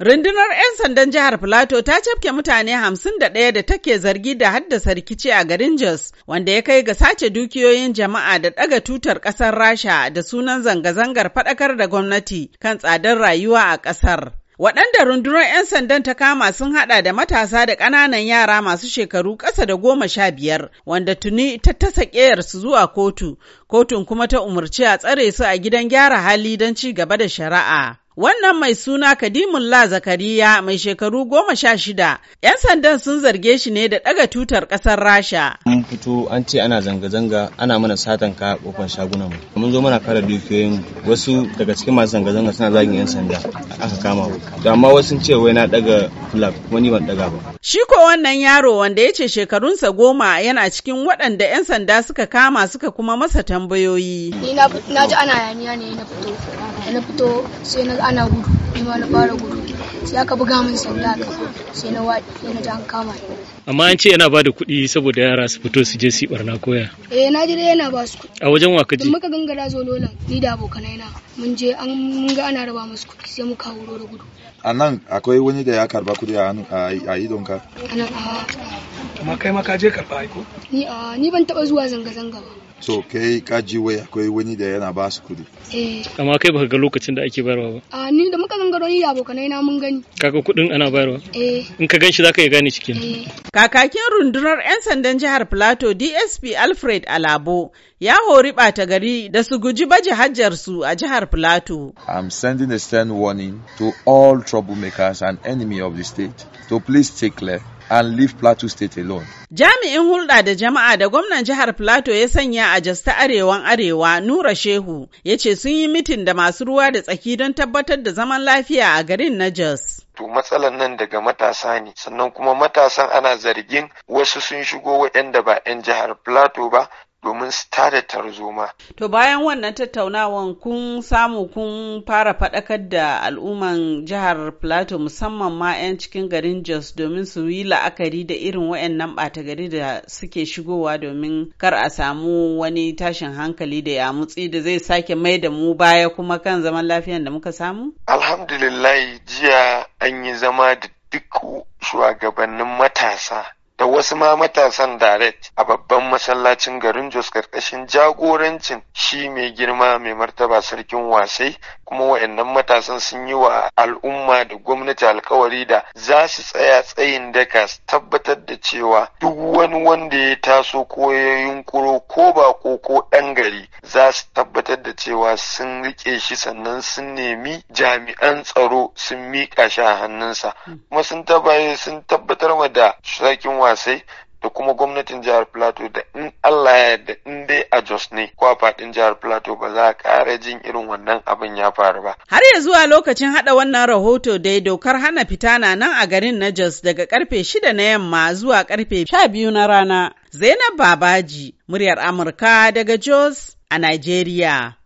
Rundunar 'yan sandan jihar Filato ta cafke mutane hamsin da ɗaya da take zargi da haddasa rikici a garin Jos, wanda ya kai ga sace dukiyoyin jama'a da ɗaga tutar ƙasar Rasha da sunan zanga-zangar faɗakar da gwamnati kan tsadar rayuwa a ƙasar. Waɗanda rundunar 'yan sandan ta kama sun haɗa da matasa da ƙananan yara masu shekaru ƙasa da goma sha biyar, wanda tuni ta tasa ƙeyarsu zuwa kotu, kotun kuma ta umarci a tsare su a gidan gyara hali don ci gaba da shari'a. Wannan mai suna kadimun La Zakariya mai shekaru goma sha shida, 'yan sandan sun zarge shi ne da ɗaga tutar ƙasar Rasha. Mun fito an ce ana zanga-zanga ana mana satan ka kofar shagunan mu. Mun zo mana kare dukiyoyin wasu daga cikin masu zanga-zanga suna zagin 'yan sanda aka kama mu. Da amma wasu sun ce wai na ɗaga flag wani ban ɗaga ba. Shi ko wannan yaro wanda ya ce shekarunsa goma yana cikin waɗanda 'yan sanda suka kama suka kuma masa tambayoyi. Ni na ji ana yaniya ne na fito. Na fito sai na ana gudu ni ma na fara gudu sai aka buga min sanda a sai na wadi sai na jan kama ni amma an ce yana ba da kuɗi saboda yara su fito su je su barna koya eh na ji dai yana ba su kuɗi a wajen wa mun ka gangara zo lolan ni da abokanai na mun je an mun ga ana raba musu kuɗi sai muka wuro da gudu a nan akwai wani da ya karba kuɗi a hannu a nan a amma kai ma ka je karba aiko ni a ni ban taɓa zuwa zanga-zanga ba so kai kaji wai akwai wani da yana ba su kudi eh. amma kai baka ga lokacin da ake bayarwa ba a ah, ni da muka gangaro yi abokanai na mun gani kaga kudin ana bayarwa eh. in ka gan shi zaka iya gane cikin eh. kakakin rundunar yan sandan jihar plateau dsp alfred alabo ya hori bata gari da su guji baje hajjar su a jihar plateau i'm sending a stern warning to all troublemakers and enemy of the state to please take left and leave Plateau State alone. Jami'in hulɗa da jama'a da gwamnan jihar Plateau ya sanya a jasta arewan arewa Nura Shehu ya ce sun yi mitin da masu ruwa da tsaki don tabbatar da zaman lafiya a garin na Jos. to matsalan nan daga matasa ne sannan kuma matasan ana zargin wasu sun shigo waɗanda ba 'yan jihar plateau ba domin su tada tarzoma. To bayan wannan tattaunawan kun samu kun fara faɗakar da al'umman jihar Plateau musamman ma 'yan cikin garin Jos domin su yi la'akari da irin wayannan ɓata gari da suke shigowa domin kar a samu wani tashin hankali da yamutsi da zai sake mai da mu baya kuma kan zaman lafiyan da muka samu? Alhamdulillah jiya an yi zama da duk shugabannin matasa da wasu ma matasan direct a babban masallacin garin Jos karkashin jagorancin shi mai girma mai martaba sarkin wasai kuma wa'annan matasan sun yi wa al'umma da gwamnati alkawari da za su tsaya tsayin daka tabbatar da cewa duk wani wanda ya taso ko ya yunkuro ko ba ko ko ɗan gari za su tabbatar da cewa sun rike shi sannan sun nemi jami'an tsaro sun miƙa shi a hannunsa kuma sun tabbatar da sarkin sai da kuma gwamnatin jihar plateau da in allah ya yarda in dai a jos ne ko fadin jihar plateau ba za a kara jin irin wannan abin ya faru ba har ya zuwa lokacin hada wannan rahoto dai dokar hana fita na nan a garin na jos daga karfe shida na yamma zuwa karfe sha biyu na rana zainab babaji muryar amurka daga jos a nigeria